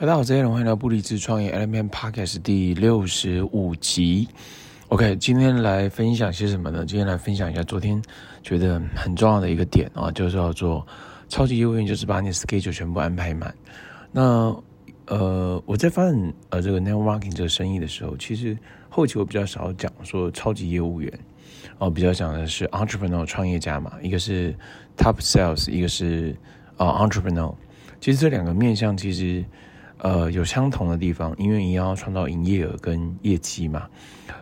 大家好，今天我歡迎來到不離職創業 L M N Podcast 第六十五集。OK，今天來分享些什麼呢？今天來分享一下昨天覺得很重要的一個點啊，就是叫做超級業務員，就是把你的 schedule 全部安排滿。那呃，我在發展呃這個 networking 這個生意的時候，其實後期我比較少講說超級業務員哦、呃，比較講的是 entrepreneur 創業家嘛，一個是 top sales，一個是、呃、entrepreneur。其實這兩個面向其實。呃，有相同的地方，因為你要創造營業額跟業績嘛。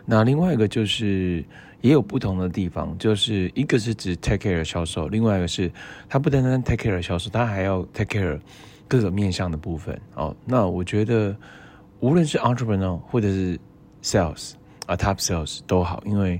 那另外一個就是也有不同的地方，就是一個是指 take care 銷售，另外一個是它不單單 take care 銷售，它還要 take care 各個面向的部分哦。那我覺得無論是 entrepreneur 或者是 sales 啊 top sales 都好，因為。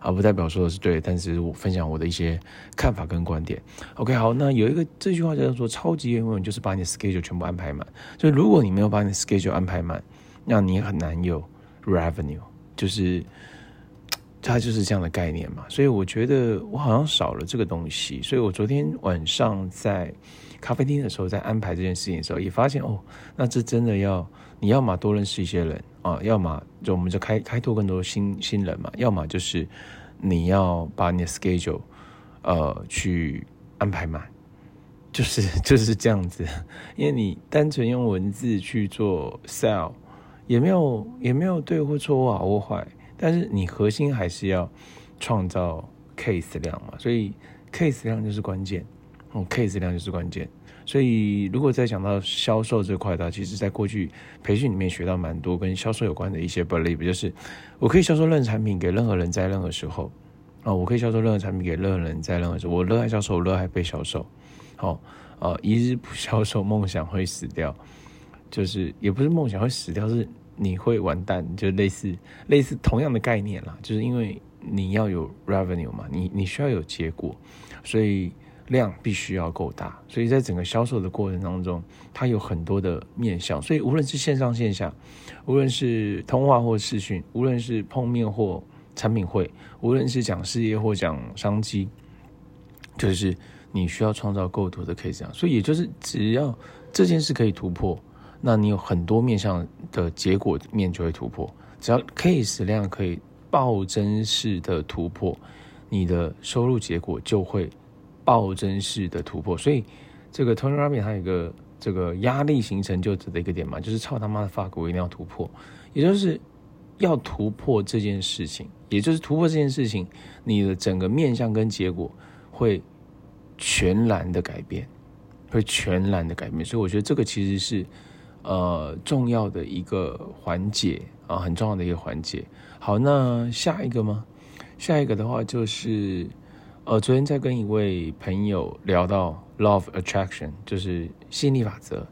啊，不代表說的是對，但是我分享我的一些看法跟觀點。OK，好，那有一個這句話叫做“超級業務”，就是把你的 schedule 全部安排滿。所以如果你沒有把你的 schedule 安排滿，那你很難有 revenue，就是它就是這樣的概念嘛。所以我覺得我好像少了這個東西。所以我昨天晚上在咖啡廳的時候，在安排這件事情的時候，也發現哦，那這真的要你要嘛多認識一些人。啊，要麼就我們就開開拓更多新新人嘛，要麼就是你要把你的 schedule，呃，去安排滿，就是就是這樣子，因為你單純用文字去做 sell，也沒有也沒有對或錯或好或壞，但是你核心還是要創造 case 量嘛，所以 case 量就是關鍵，嗯，case 量就是關鍵。所以，如果再講到銷售這塊的，其實在過去培訓裡面學到蠻多跟銷售有關的一些 belief 就是我可以銷售任何產品給任何人，在任何時候，啊、哦，我可以銷售任何產品給任何人，在任何時候。我熱愛銷售，我熱愛被銷售，好、哦呃，一日不銷售，夢想會死掉，就是也不是夢想會死掉，是你會完蛋，就類似類似同樣的概念啦，就是因為你要有 revenue 嘛，你你需要有結果，所以。量必須要夠大，所以在整個銷售的過程當中，它有很多的面向。所以無論是線上線下，無論是通話或視訊，無論是碰面或產品會，無論是講事業或講商機，就是你需要創造夠多的 case。所以也就是，只要這件事可以突破，那你有很多面向的結果面就會突破。只要 case 量可以暴增式的突破，你的收入結果就會。暴增式的突破，所以這個 Tony Robbins 他有一個這個壓力形成就指的一個點嘛，就是操他媽的，fuck，我一定要突破，也就是要突破這件事情，也就是突破這件事情，你的整個面相跟結果會全然的改變，會全然的改變。所以我覺得這個其實是呃重要的一個環節啊，很重要的一個環節。好，那下一個嗎？下一個的話就是。呃，昨天在跟一位朋友聊到 law of attraction，就是吸引力法則。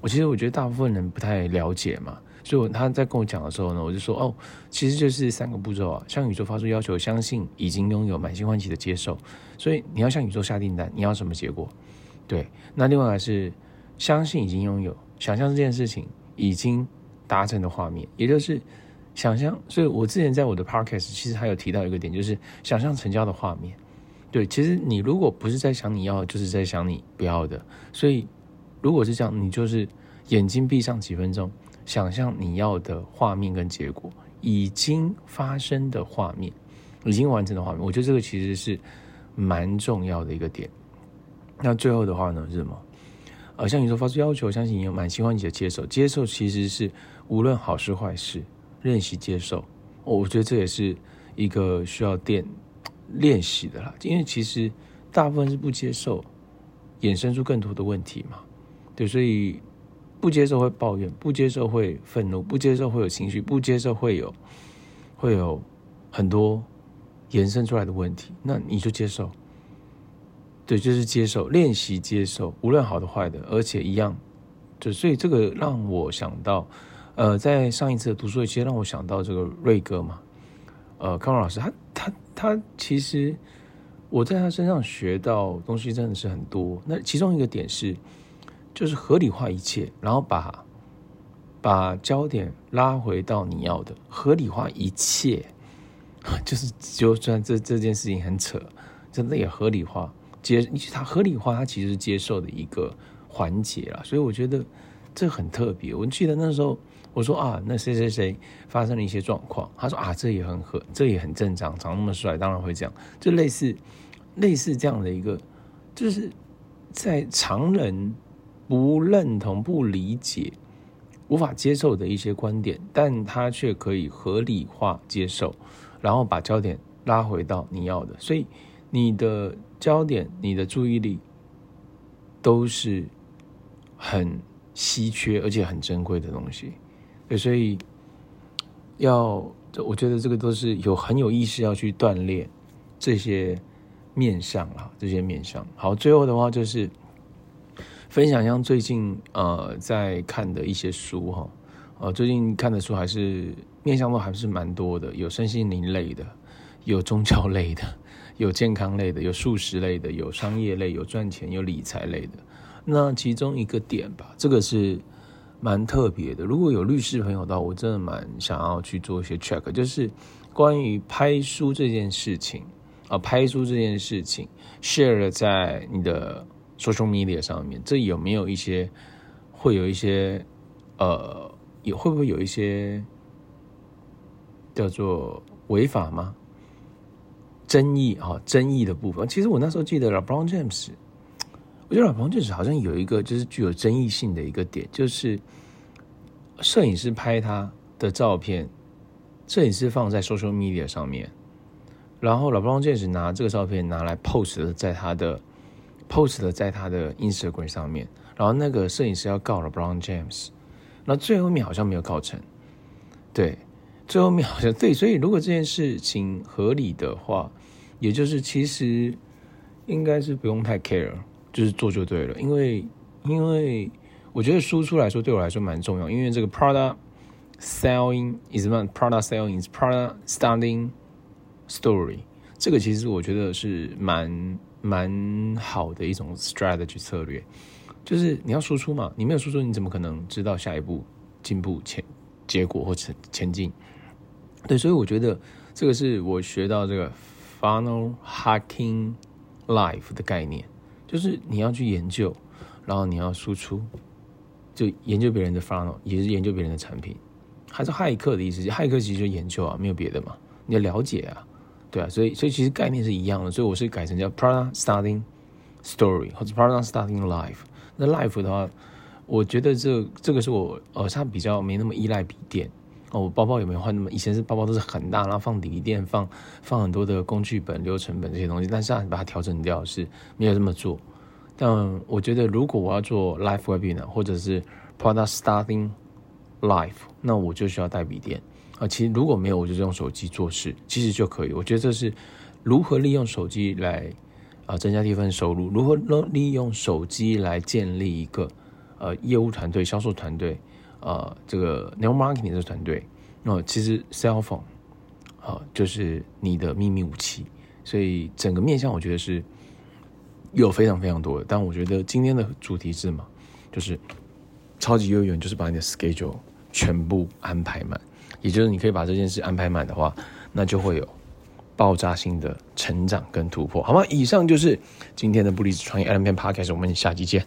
我其實我覺得大部分人不太了解嘛，所以我他在跟我講的時候呢，我就說哦，其實就是三個步驟啊：向宇宙發出要求，相信已經擁有，滿心歡喜的接受。所以你要向宇宙下訂單，你要什麼結果？對。那另外還是相信已經擁有，想象這件事情已經達成的畫面，也就是想象。所以我之前在我的 podcast 其實還有提到一個點，就是想象成交的畫面。對，其實你如果不是在想你要的，就是在想你不要的。所以，如果是這樣，你就是眼睛閉上幾分鐘，想象你要的畫面跟結果，已經發生的畫面，已經完成的畫面。我覺得這個其實是蠻重要的一個點。那最後的話呢，是什麼？呃，像你說發出要求，相信你有蠻喜歡你的接受，接受其實是無論好事壞事，任其接受。我覺得這也是一個需要點練習的啦，因為其實大部分是不接受，衍生出更多的問題嘛。對，所以不接受會抱怨，不接受會憤怒，不接受會有情緒，不接受會有會有很多延伸出來的問題。那你就接受，對，就是接受練習接受，無論好的壞的，而且一樣。就所以這個讓我想到，呃，在上一次的讀書會，其實讓我想到這個瑞哥嘛，呃，康老師他他。他他其實，我在他身上學到東西真的是很多。那其中一個點是，就是合理化一切，然後把把焦點拉回到你要的。合理化一切，就是就算這這件事情很扯，真的也合理化，接。他合理化，他其實是接受的一個環節了。所以我覺得。這很特別。我記得那時候我說啊，那誰誰誰發生了一些狀況，他說啊，這也很合，這也很正常，長那麼帥，當然會這樣。就類似，類似這樣的一個，就是在常人不認同、不理解、無法接受的一些觀點，但他卻可以合理化接受，然後把焦點拉回到你要的。所以，你的焦點、你的注意力都是很稀缺，而且很珍貴的東西，所以要，我覺得這個都是有很有意識要去鍛鍊這些面向啊，這些面向。好，最後的話就是分享一下最近呃在看的一些書哈，呃，最近看的書還是面向都還是蠻多的，有身心靈類的，有宗教類的，有健康類的，有素食類的，有商業類，有賺錢，有理財類的。那其中一個點吧，這個是蠻特別的。如果有律師朋友到，我真的蠻想要去做一些 check，就是關於拍書這件事情啊、呃，拍書這件事情 share 在你的 social media 上面，這有沒有一些會有一些呃，有會不會有一些叫做違法嗎？爭議哈、哦，爭議的部分。其實我那時候記得了 LeBron James。我覺得老布朗就是好像有一個就是具有爭議性的一個點，就是攝影師拍他的照片，攝影師放在 social media 上面，然後老布朗 James 拿這個照片拿來 post 在他的 post 在他的 Instagram 上面，然後那個攝影師要告 LeBron James，那最後面好像沒有告成。對，最後面好像對，所以如果這件事情合理的話，也就是其實應該是不用太 care。就是做就對了，因為，因為我覺得輸出來說，對我來說蠻重要。因為這個 product selling is not product selling, is product starting story，這個其實我覺得是蠻蠻好的一種 strategy 策略，就是你要輸出嘛，你沒有輸出，你怎麼可能知道下一步進步前結果或前前進？對，所以我覺得這個是我學到這個 funnel hacking life 的概念。就是你要去研究，然後你要輸出，就研究別人的 funnel 也是研究別人的產品，還是駭客的意思。駭客其實就研究啊，沒有別的嘛，你要了解啊，對啊，所以所以其實概念是一樣的。所以我是改成叫 Product Starting Story 或者 Product Starting Life。那 Life 的話，我覺得這這個是我呃，他比較沒那麼依賴筆電。哦、我包包有沒有換那麼？以前是包包都是很大，然後放筆電，放放很多的工具本、流程本這些東西。但是、啊、把它調整掉是沒有這麼做。但我覺得，如果我要做 live webinar 或者是 product starting life，那我就需要帶筆電啊、呃。其實如果沒有，我就是用手機做事，其實就可以。我覺得這是如何利用手機來啊、呃、增加一份收入，如何利用手機來建立一個呃業務團隊、銷售團隊啊、呃、這個 new、no、marketing 的團隊。那、no, 其實 cell phone，啊、哦、就是你的秘密武器，所以整個面向，我覺得是有非常非常多的。但我覺得今天的主題是什麼？就是超級優越，就是把你的 schedule 全部安排滿，也就是你可以把這件事安排滿的話，那就會有爆炸性的成長跟突破，好嗎？以上就是今天的不離職創業 Allen 篇 Podcast，我們下期見。